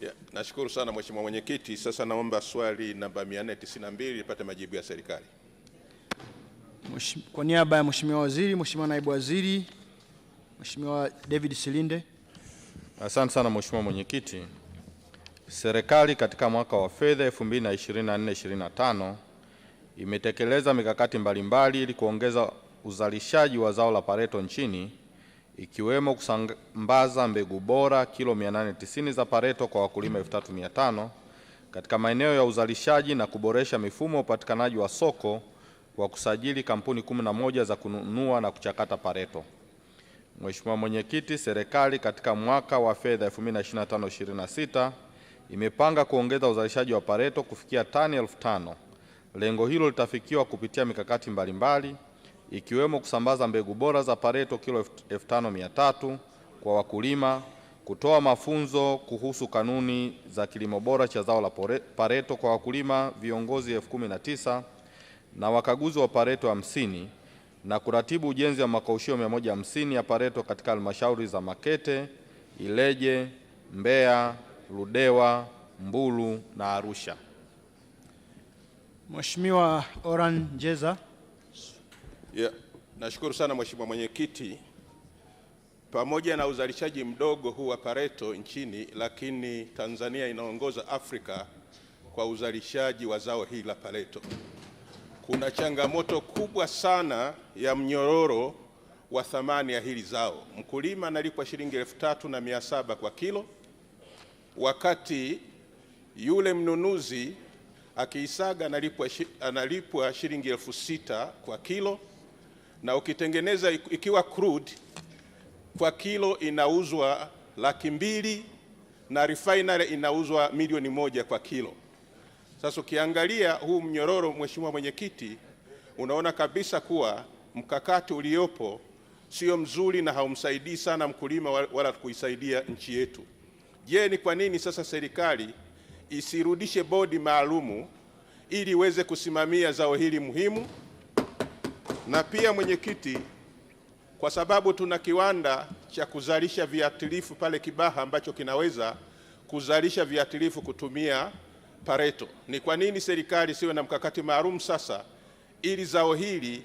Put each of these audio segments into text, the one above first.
Yeah, nashukuru sana Mheshimiwa Mwenyekiti. Sasa naomba swali namba 492 nipate majibu ya serikali. Kwa niaba ya Mheshimiwa Waziri, Mheshimiwa Naibu Waziri, Mheshimiwa David Silinde. Asante sana Mheshimiwa Mwenyekiti. Serikali katika mwaka wa fedha 2024-2025 imetekeleza mikakati mbalimbali ili kuongeza uzalishaji wa zao la pareto nchini ikiwemo kusambaza mbegu bora kilo 890 za pareto kwa wakulima 3500 katika maeneo ya uzalishaji na kuboresha mifumo ya upatikanaji wa soko kwa kusajili kampuni 11 za kununua na kuchakata pareto. Mheshimiwa Mwenyekiti, serikali katika mwaka wa fedha 2025/26 imepanga kuongeza uzalishaji wa pareto kufikia tani elfu Lengo hilo litafikiwa kupitia mikakati mbalimbali mbali, ikiwemo kusambaza mbegu bora za Pareto kilo 5300 kwa wakulima, kutoa mafunzo kuhusu kanuni za kilimo bora cha zao la Pareto kwa wakulima viongozi elfu kumi na na wakaguzi wa Pareto hamsini na kuratibu ujenzi wa makaushio 150 ya Pareto katika halmashauri za Makete, Ileje, Mbeya, Ludewa, Mbulu na Arusha. Mheshimiwa Oran Jeza. Yeah. Nashukuru sana Mheshimiwa Mwenyekiti. Pamoja na uzalishaji mdogo huu wa pareto nchini, lakini Tanzania inaongoza Afrika kwa uzalishaji wa zao hili la pareto. Kuna changamoto kubwa sana ya mnyororo wa thamani ya hili zao. Mkulima analipwa shilingi elfu tatu na mia saba kwa kilo, wakati yule mnunuzi akiisaga analipwa, shilingi elfu sita kwa kilo na ukitengeneza ikiwa crude kwa kilo inauzwa laki mbili na refinery inauzwa milioni moja kwa kilo. Sasa ukiangalia huu mnyororo, Mheshimiwa Mwenyekiti, unaona kabisa kuwa mkakati uliopo sio mzuri na haumsaidii sana mkulima wala kuisaidia nchi yetu. Je, ni kwa nini sasa serikali isirudishe bodi maalumu ili iweze kusimamia zao hili muhimu? na pia mwenyekiti, kwa sababu tuna kiwanda cha kuzalisha viatilifu pale Kibaha ambacho kinaweza kuzalisha viatilifu kutumia Pareto. Ni kwa nini serikali siwe na mkakati maalum sasa ili zao hili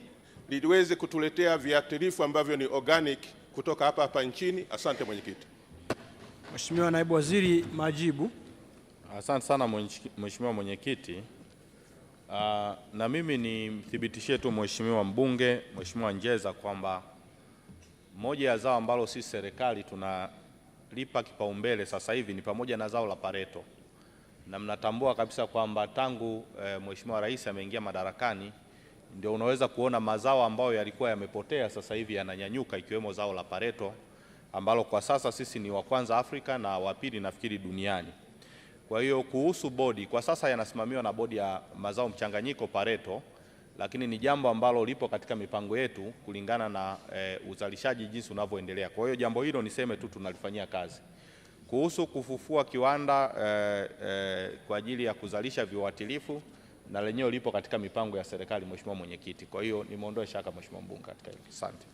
liweze kutuletea viatilifu ambavyo ni organic kutoka hapa hapa nchini? Asante mwenyekiti. Mheshimiwa naibu waziri, majibu. Asante sana mheshimiwa mwenyekiti. Uh, na mimi nimthibitishie tu mheshimiwa mbunge, mheshimiwa Njeza kwamba moja ya zao ambalo sisi serikali tunalipa kipaumbele sasa hivi ni pamoja na zao la pareto, na mnatambua kabisa kwamba tangu e, mheshimiwa rais ameingia madarakani ndio unaweza kuona mazao ambayo yalikuwa yamepotea sasa hivi yananyanyuka, ikiwemo zao la pareto ambalo kwa sasa sisi ni wa kwanza Afrika na wa pili nafikiri duniani. Kwa hiyo kuhusu bodi, kwa sasa yanasimamiwa na bodi ya mazao mchanganyiko Pareto, lakini ni jambo ambalo lipo katika mipango yetu kulingana na e, uzalishaji jinsi unavyoendelea. Kwa hiyo jambo hilo niseme tu tunalifanyia kazi. Kuhusu kufufua kiwanda e, e, kwa ajili ya kuzalisha viuatilifu na lenyewe lipo katika mipango ya serikali, Mheshimiwa Mwenyekiti. Kwa hiyo nimeondoa shaka Mheshimiwa Mbunge katika hilo. Asante.